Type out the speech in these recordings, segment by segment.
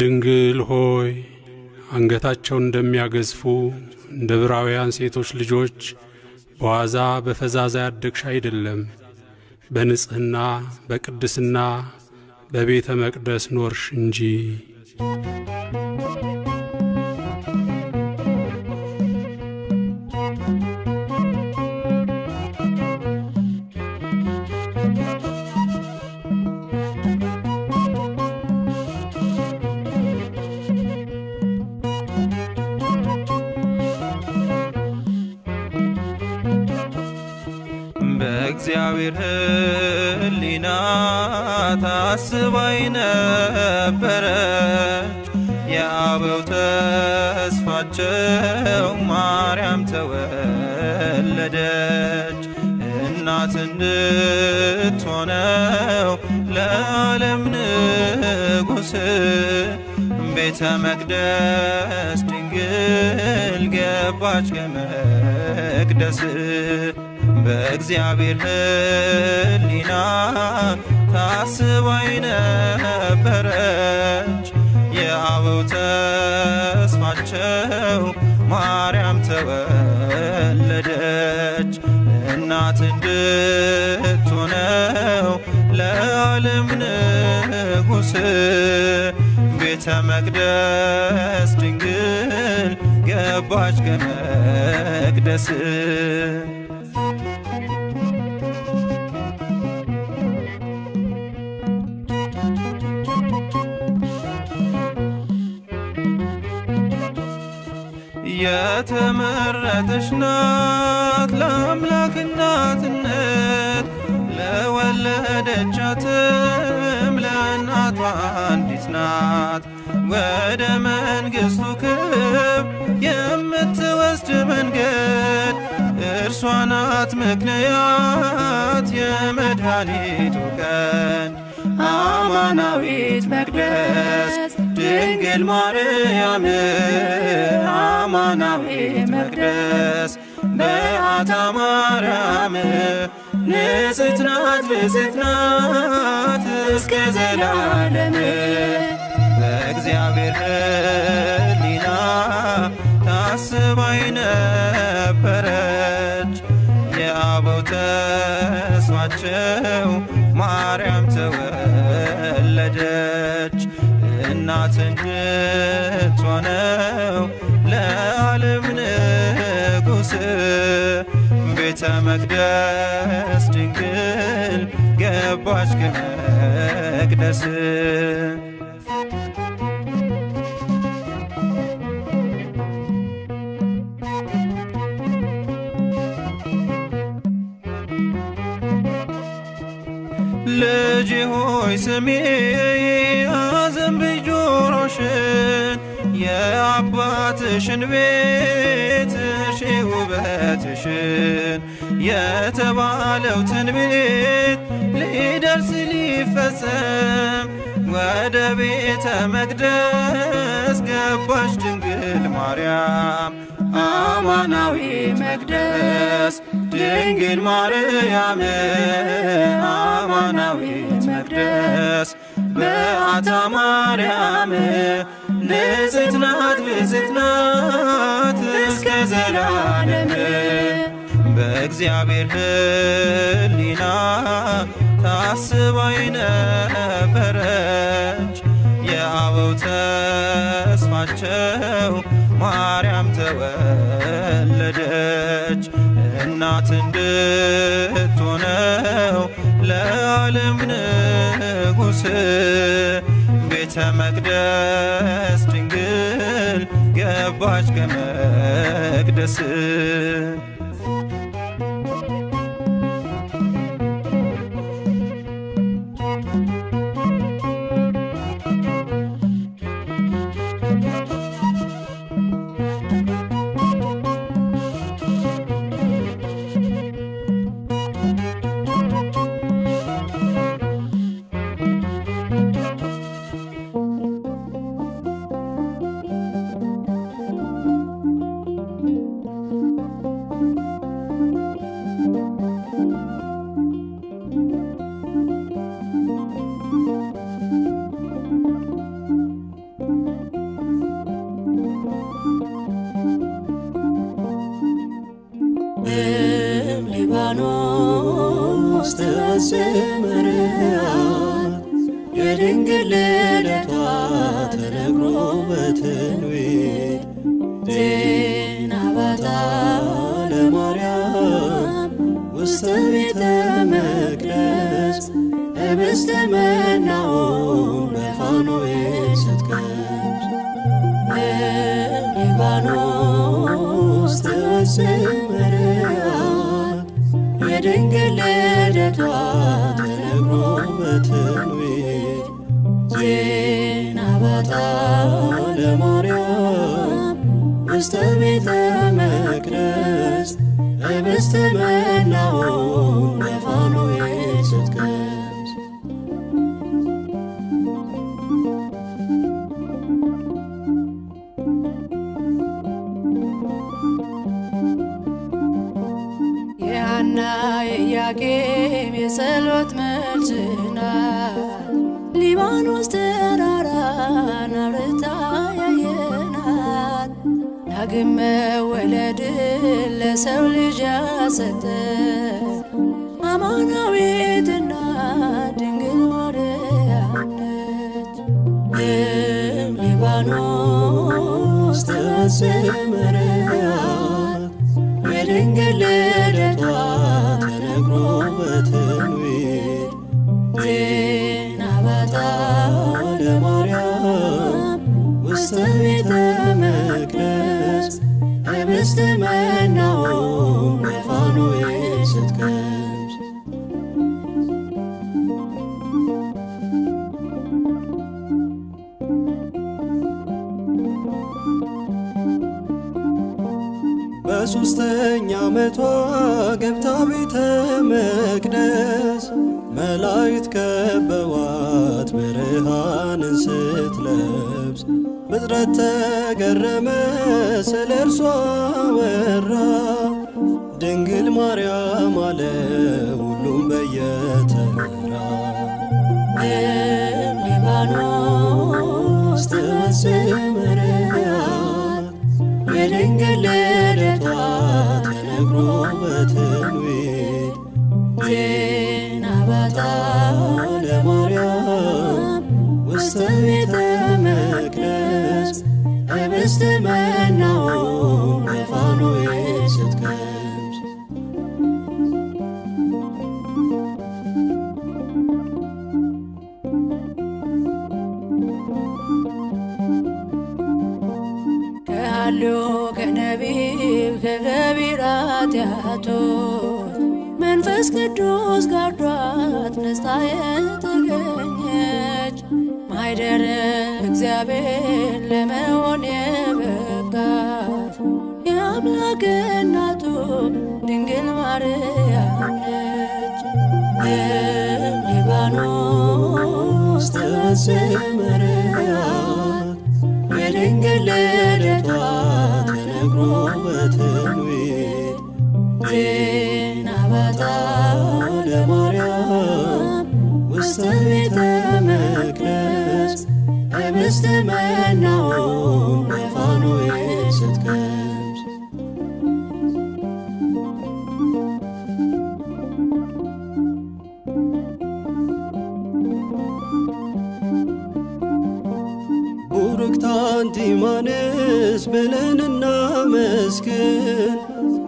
ድንግል ሆይ አንገታቸውን እንደሚያገዝፉ እንደ ዕብራውያን ሴቶች ልጆች በዋዛ በፈዛዛ ያደግሽ አይደለም፣ በንጽሕና በቅድስና በቤተ መቅደስ ኖርሽ እንጂ እግዚአብሔር ሕሊና ታስባይ ነበረች። የአበው ተስፋቸው ማርያም ተወለደች። እናት እንድትሆነው ለዓለም ንጉሥ ቤተ መቅደስ ድንግል ገባች ከመቅደስ በእግዚአብሔር ሕሊና ታስባይ ነበረች። የአበው ተስፋቸው ማርያም ተወለደች። እናት እንድትሆነው ለዓለም ንጉሥ ቤተ መቅደስ ድንግል ገባች ከመቅደስ የተመረጠች ናት ለአምላክ እናትነት ለወለደቻትም ለእናቷ አንዲት ናት ወደ መንግሥቱ ክብ የምትወስድ መንገድ እርሷ ናት ምክንያት የመድኃኒቱ ቀን አማናዊት መቅደስ ድንግል ማርያም አማናዊት መቅደስ በአታ ማርያም ንጽሕት ናት ብጽሕት ናት እስከ ዘላለም በእግዚአብሔር ሕሊና ታስባይ ነበረች የአበው ተስፋቸው ማርያም ተወ እናትነት ሆነው ለዓለም ንጉሥ ቤተ መቅደስ ድንግል ገባች ከመቅደስ ልጅ ሆይ ስሜ ውበትሽን የአባትሽን ቤትሽ ውበትሽን የተባለው ትንቢት ሊደርስ ሊፈጸም ወደ ቤተ መቅደስ ገባች ድንግል ማርያም አማናዊ መቅደስ ድንግል ማርያም አማናዊ መቅደስ በአታ ማርያም ንጽሕት ናት ንጽሕት ናት እስከ ዘላለም በእግዚአብሔር ሕሊና ታስባ የነበረች የአበው ተስፋቸው ማርያም ተወለደች። እናት እንድትሆነው ለዓለም ቅዱስ ቤተ መቅደስ ድንግል ገባች ከመቅደስ ውስጥ በስምርያት የድንግል ልደቷ ተነግሮ በትንቢት ዜና በዓለ ማርያም ውስተ ቤተ መቅደስ ኅብስተ መናው በፋኖስ ስትከብስ ሊባኖስ ተወስን የድንግል ልደቷ ተነግሮ በትንቢት ዜና በዓለ ማርያም ውስተ ቤተ መቅደስ የጸሎት መልስ ናት። ሊባኖስ ተራራን አብርታ ያየናት ዳግም መወለድን ለሰው ልጅ ያሰጠ አማናዊትና ድንግል ማርያም ነች። ይህም ሊባኖስ ተሰምራ የድንግል እግሬን አበጣ ለማርያም ውስጥ ቤተ ዓመቷ ገብታ ቤተ መቅደስ መላእክት ከበዋት ብርሃንን ስትለብስ ፍጥረት ተገረመ፣ ስለ እርሷ ወራ ድንግል ማርያም አለ ሁሉም በየተራ ሊባኖስ ተመስምርያት የድንግል ልደቷ ተነግሮ በትንቢት አበጣ ለማርያም ውስተ ቤተ መቅደስ ህብስተ መናው በፋኖስ ስትከብስ ከሃልዮ ከነቢብ ከገቢራት ያቶ መንፈስ ቅዱስ ጋርዶ ትንሣኤ ተገኘች ማይደር እግዚአብሔር ለመሆን የበቃች የአምላክ እናቱ ድንግል ማርያም ነች። ሊባኖስ ተዘመረያት የድንግል ልደቷ ተነግሮ በትንቢት ዜና ህብስተ ቤተ መቅደስ ህብስተ መናውን በፋኖዬ ስትከብስ ቡርክት አንቲ ማንስ ብለን እናመስግን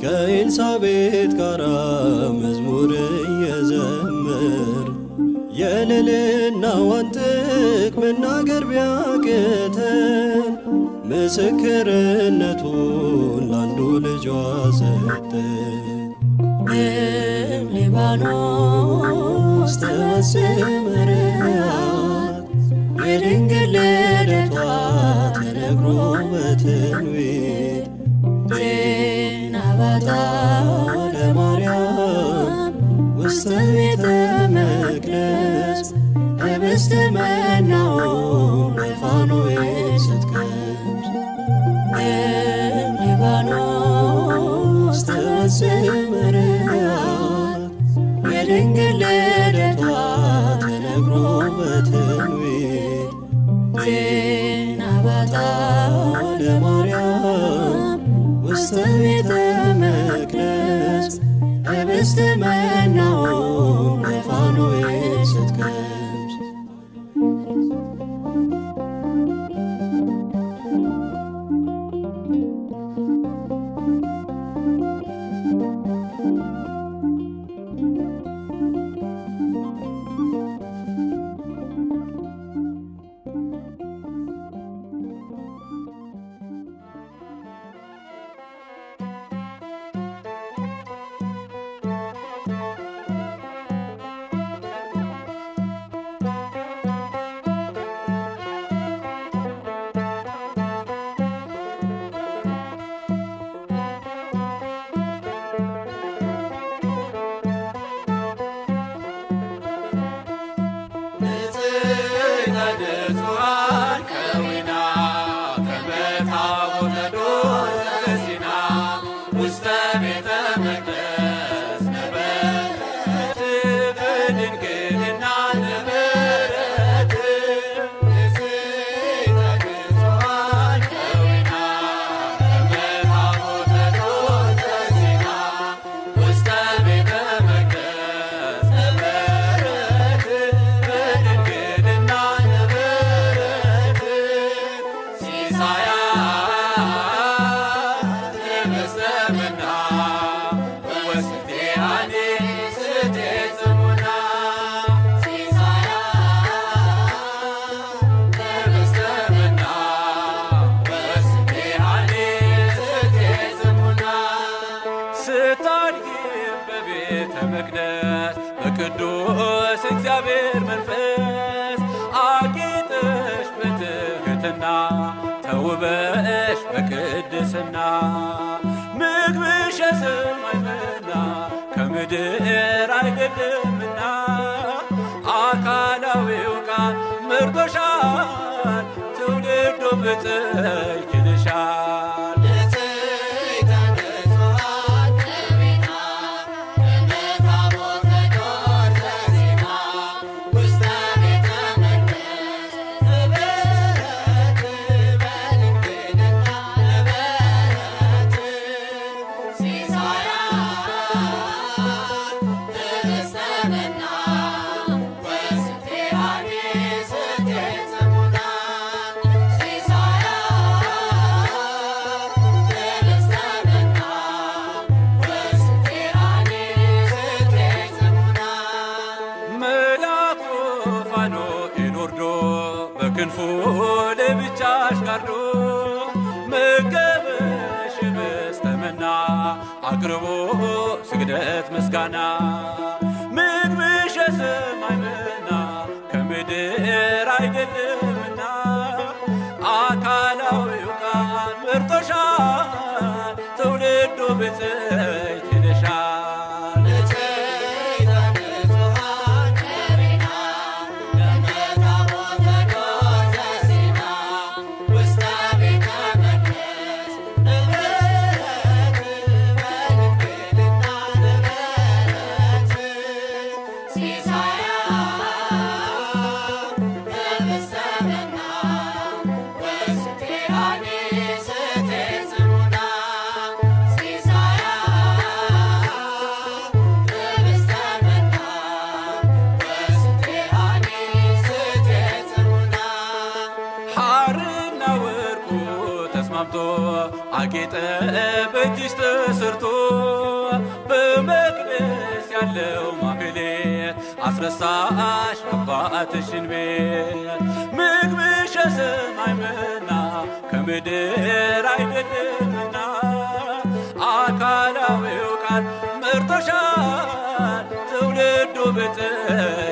ከኤልሳቤጥ ጋራ መዝሙር የልዕልናዋን ጥግ መናገር ቢያቅተን ምስክርነቱን ላንዱ ልጇ ሰጠን። ደም ሊባኖስ የድንግል ልደቷ ተነግሮ በትንቢት ዜና ባታ ለማርያም ውስተ ቤተ üstüme ስታድግ በቤተ መቅደስ በቅዱስ እግዚአብሔር መንፈስ አጌጠሽ በትህትና ተውበሽ በቅድስና ምግብሽ የሰማይና ከምድር አይገድምና አካላዊው ቃል መርጦሻል ትውልዱ ብፅዕና ይችልሻል ክንፉ ለብቻሽ ጋርዶ መገበሽ በስተመና አቅርቦ ስግደት ምስጋና ምግብሽ ሰማይምና ከምድር አይደለምና አካላዊው ቃል መርጦሻል ትውልዱ ብፅዕት ያጌጠ በእጅሽ ተሰርቶ በመቅደስ ያለው ማህሌት አስረሳሽ አባትሽን ቤት ምግብሽ ሰማይምና ከምድር አይደለምና አካላዊው ቃል መርቶሻል ትውልዱ ብፅዕ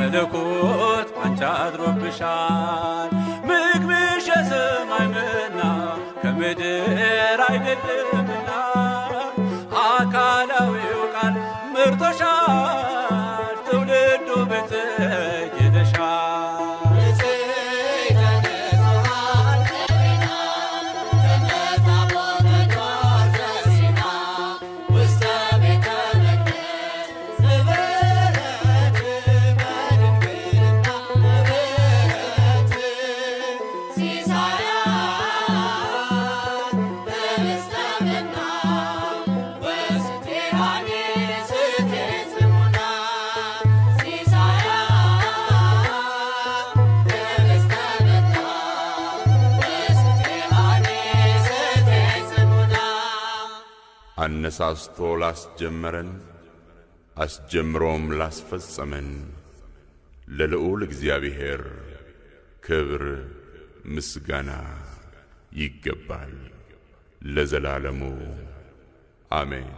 መለኮት አንቺ አድሮብሻል ምግብሽ የሰማይምና ከምድር አይደለምና አካላዊው ቃል ምርቶሻል አነሳስቶ ላስጀመረን አስጀምሮም ላስፈጸመን ለልዑል እግዚአብሔር ክብር ምስጋና ይገባል ለዘላለሙ አሜን።